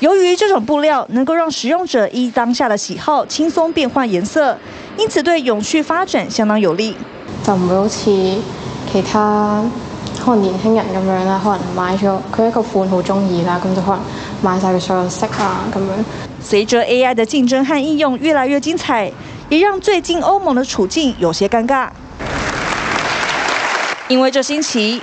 由於這種布料能夠讓使用者依當下的喜好輕鬆變換顏色，因此對永續發展相當有利。就唔會好似其他可能年輕人咁樣啦，可能買咗佢一個款好中意啦，咁就可能買晒佢所有色啊咁樣。隨着 AI 嘅競爭和應用越來越精彩，也讓最近歐盟嘅處境有些尷尬。因為這星期。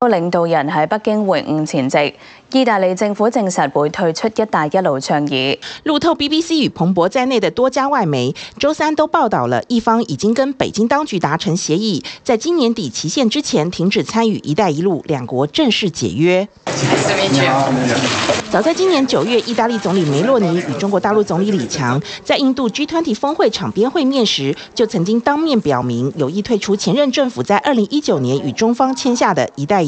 多領導人喺北京會晤前夕，意大利政府證實會退出“一帶一路”倡議。路透、BBC 與彭博在內的多家外媒周三都報道了，意方已經跟北京當局達成協議，在今年底期限之前停止參與“一帶一路”，兩國正式解約。早在今年九月，意大利總理梅洛尼與中國大陸總理李強在印度 G20 峰會場邊會面時，就曾經當面表明有意退出前任政府在二零一九年與中方簽下的一帶一